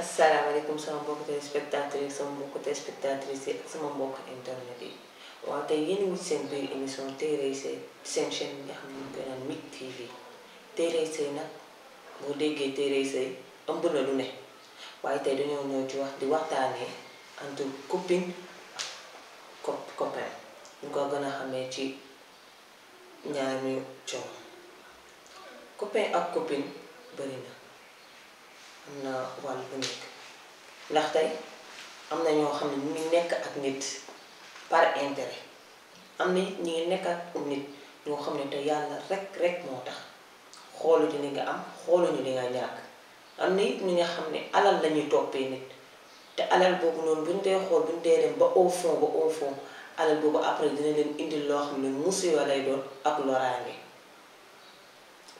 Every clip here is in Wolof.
asalaamaaleykum sama mbokk téléspectatrice sama mbokk téléspectatrice yi ak sama mbokk internet yi waaw tey yéen wut seen biir émission téerey sëy seen chaîne bi nga xam ne koy naan MIK TV téerey sëy nag boo déggee téerey sëy ëmb na lu ne waaye tey dañoo ñëw ci wax di waxtaanee entre copine ak copain ñu ko gën a xamee ci ñaar ñu coow copain ak copine bëri na am na wàll bu nekk ndax am na ñoo xam ne ñu ngi nekk ak nit par intérêt am na it ñu ngi nekk ak nit ñoo xam ne te yàlla rek rek moo tax xooluñu li nga am xooluñu li nga ñàkk am na it ñi nga xam ne alal lañuy toppee nit te alal boobu noonu bu ñu dee xool bu ñu dee dem ba au fond ba au fond alal boobu après dina leen indil loo xam ne musiba lay doon ak loraange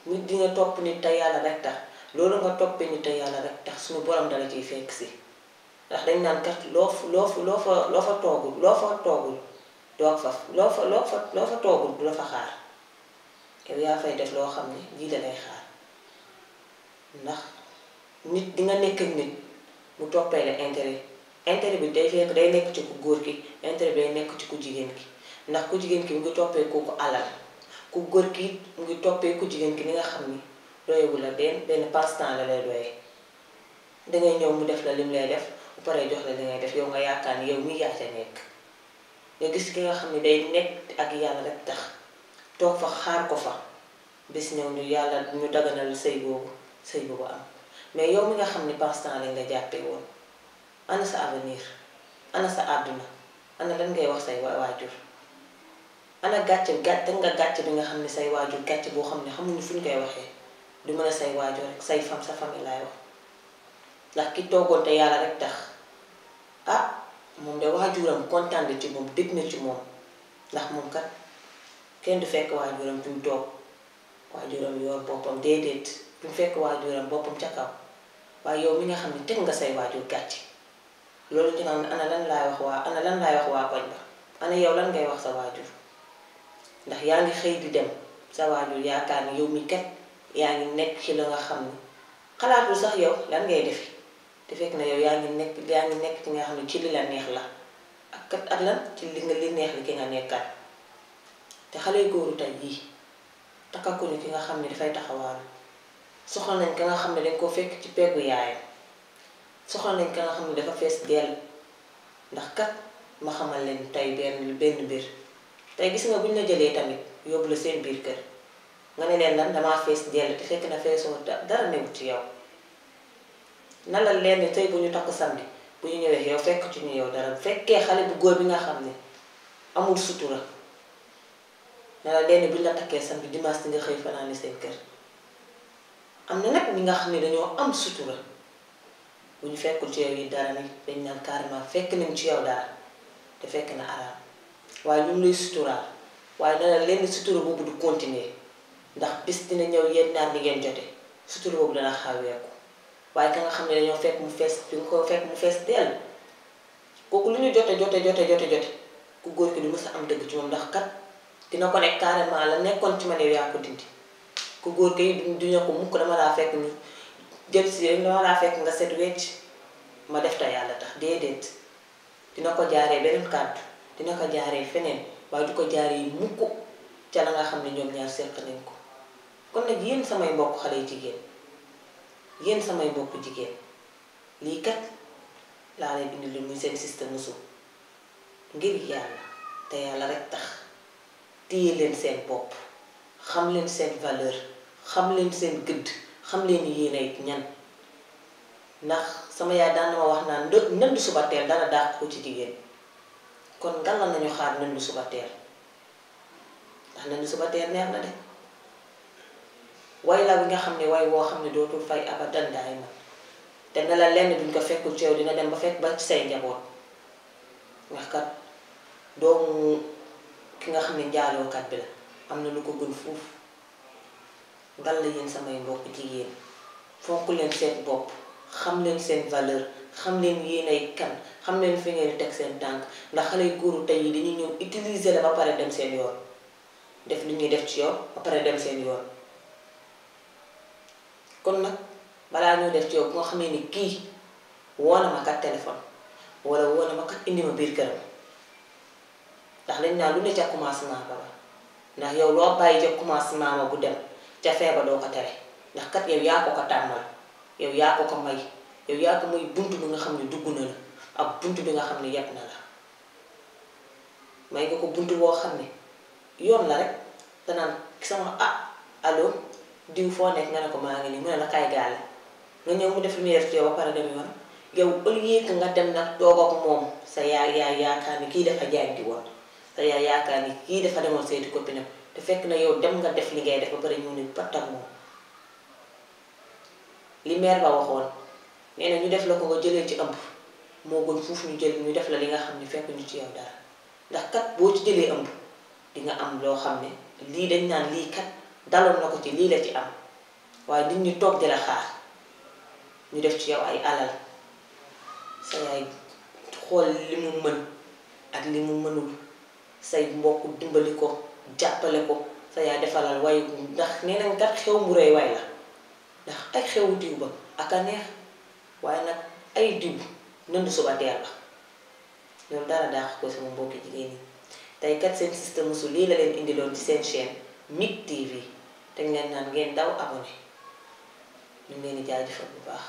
nit di topp nit te yàlla rek tax. loolu nga toppee ñu te yàlla rek tax suñu borom dala ciy fekk si ndax dañ naan kat loo loo fa loo fa toogul loo fa toogul doog fa loo fa loo toogul du la fa xaar yow yaa fay def loo xam ni lii da lay xaar ndax nit di nga nekk nit mu toppee la intérêt intérêt bi day fekk day nekk ci ku góor ki intérêt bi day nekk ci ku jigéen ki ndax ku jigéen ki mu ngi toppee kooku alal ku góor ki mu ngi toppee ku jigéen ki li nga xam ni doyewu la benn benn passe-temps la lay doye dangay ñëw mu def la lim lay def bu paree jox la li def yow nga yaakaar ni yow mii yaa nekk nga gis ki nga xam ne day nekk ak yàlla rek tax toog fa xaar ko fa bis ñëw ñu yàlla ñu daganal sëy boobu sëy boobu am mais yow mi nga xam ne passe-temps lañ la jàppee woon ana sa avenir ana sa àdduna ana lan ngay wax say waajur ana gàcce gàcce nga gàcce bi nga xam ne say waajur gàcce boo xam ne xamuñu fuñ koy waxee du mën a say waajoo rek say fam sa famille laay wax ndax ki toogoon te yàlla rek tax ah moom de waajuram kontaan ci moom dégg na ci moom ndax moom kat kenn du fekk waajuram fi mu toog waajuram yor boppam déedéet fi mu fekk waajuram boppam ca kaw waaye yow mi nga xam ne teg nga say waajur gàcce loolu ñu naan ana lan laay wax waa ana lan laay wax waa koñ ba ana yow lan ngay wax sa waajur ndax yaa ngi xëy di dem sa waajur yaakaar ni yow mi kat. yaa ngi nekk ci la nga xam ne xalaatul sax yow lan ngay defi te fekk na yow yaa ngi nekk yaa ngi nekk ci nga xam ne ci li la neex la ak kat ak lan ci li neex li ki nga nekkaat te xale yu góoru tey yii takkakuñu ki nga xam ne dafay taxawaal soxla nañ ka nga xam ne dañ koo fekk ci peggu yaayam soxla nañ ka nga dafa fees dell ndax kat ma xamal leen tey benn benn mbir tey gis nga buñ la jëlee tamit yóbbu la seen biir kër. nga ne leen lan damaa fees dell te fekk ci yow nan la leen ni tey bu ñu takk samedi bu ñu ñëwee yow fekk ci ñu yow dara fekkee xale bu góor bi nga xam ne amul sutura na leen bu ñu la takkee samedi dimanche di nga xëy fanaani seen am na nag nga xam ne dañoo am sutura bu ñu yi dara ni dañ naan carrément fekk nañ ci yow dara te fekk na araam waaye ñu ngi lay suturaal waaye na la sutura boobu du continuer ndax bis dina ñëw yéen ñaar liggéen ngeen jote sutura boobu dana xaweeku waaye ka nga xam ne dañoo fekk mu fees bi nga ko fekk mu fees dell kooku lu ñu jote jote jote jote ku góor ki du mës am dëgg ci ndax kat dina ko nekk carrément la nekkoon ci man yow yaa ko ku góor ki duñu ko mukk dama laa fekk ni jëm si rek dama laa fekk nga set wecc ma def ta yàlla tax déedéet dina ko jaaree beneen kàddu dina ko jaaree feneen waaye du ko jaaree mukk ca la nga xam ne ñoom ñaar seq nañ ko kon nag yéen samay mbokk xale jigéen yéen samay mbokk jigéen lii kat laa leen indi li muy seen système musu ngir yàlla te yàlla rek tax téye leen seen bopp xam leen seen valeur xam leen seen gëdd xam leen yéen ay ñan ndax sama yaay daan wax naan nënd suba teel dara dàq ko ci jigéen kon ngal nañu xaar nënd suba teel ndax nënd suba teel neex na de way la bi nga xam ne way woo xam ne dootul fay abadan daay ma te ne la lenn duñ ko fekkul ci dina dem ba fekk ba say njaboot ndax kat doomu ki nga xam ne njaalookat bi la am na lu ko gën fuuf dal la yéen samay mbokk jigéen fonk leen seen bopp xam leen seen valeur xam leen yéen ay kan xam leen fi ngeen teg seen tànk ndax xale góoru tey yi dañuy ñëw utiliser la ba pare dem seen yoon def lu ñuy def ci yoon ba pare dem seen yoon kon nag balaa ñoo def ci yow bu nga xamee ni kii woo na kat téléphone wala woo na kat indi ma biir këram ndax lañ naa lu ne ca commencement ba la ndax yow loo bàyyi ca commencement ba bu dem ca feeba doo ko tere ndax kat yow yaa ko ko tàmmal yow yaa ko ko may yow yaa ko may bunt bi nga xam ne dugg na la ak bunt bi nga xam ne yeb na la may nga ko bunt boo xam ne yoon la rek danaan sama ah allo diw foo nekk nga ne ko maa ngi nii mu ne la kaay gaale nga ñëw mu def lumière ci yow ba pare dem yoon yow au lieu que nga dem nag toog ak moom sa yaa yaay yaakaar ni kii dafa jaay di woon sa yaa yaakaar ni kii dafa demoon seeti copine am te fekk na yow dem nga def li ngay def ba pare ñu ne pat ak moom li meer ba waxoon nee ñu def la ko nga jëlee ci ëmb moo gën fuuf ñu jël ñu def la li nga xam ni fekk ñu ci yow dara ndax kat boo ci jëlee ëmb di nga am loo xam ne lii dañ naan lii dalal na ko ci lii la ci am waaye nit ñi toog di la xaar ñu def ci yow ay alal sa yaay xool li mu mën ak li mu mënul say mbokk dimbali ko jàppale ko sa yaay defalal way ndax nee nañ kat xew mu rëy way la ndax ay xewu diw ba ak a neex waaye nag ay diw nënd suba teel la loolu dara daax ko sama mbokki jigéen ñi tey kat seen système su lii la leen indiloon ci seen chaîne MIG TV dañ leen naan ngeen daw abonné ñu ngi leen di jaajëfal bu baax.